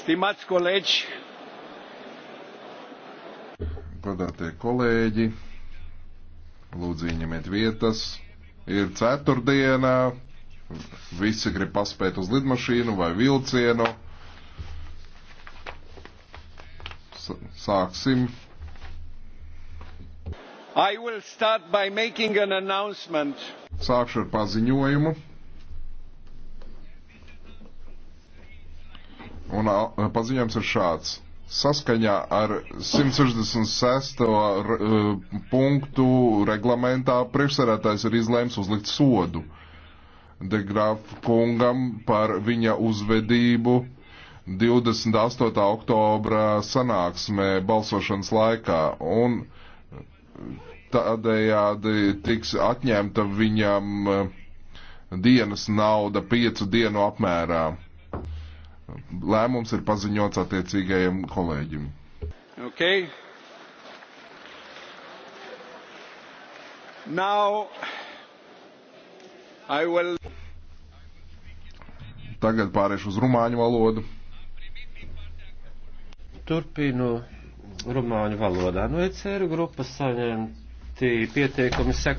Stimați colegi, Godātie kolēģi, lūdzu ieņemiet vietas. Ir ceturtdienā, visi grib paspēt uz lidmašīnu vai vilcienu. Sāksim. I will start by making an announcement. Sākšu ar paziņojumu. Un paziņojums ir šāds. Saskaņā ar 166. E, punktu reglamentā priekšsarētājs ir izlēms uzlikt sodu Degrāf kungam par viņa uzvedību 28. oktobra sanāksmē balsošanas laikā. Un tādējādi tiks atņemta viņam e, dienas nauda piecu dienu apmērā lēmums ir paziņots attiecīgajiem kolēģim. Okay. Now I will... Tagad pāriešu uz rumāņu valodu. Turpinu rumāņu valodā. No ECR grupas saņemti pieteikumi sek.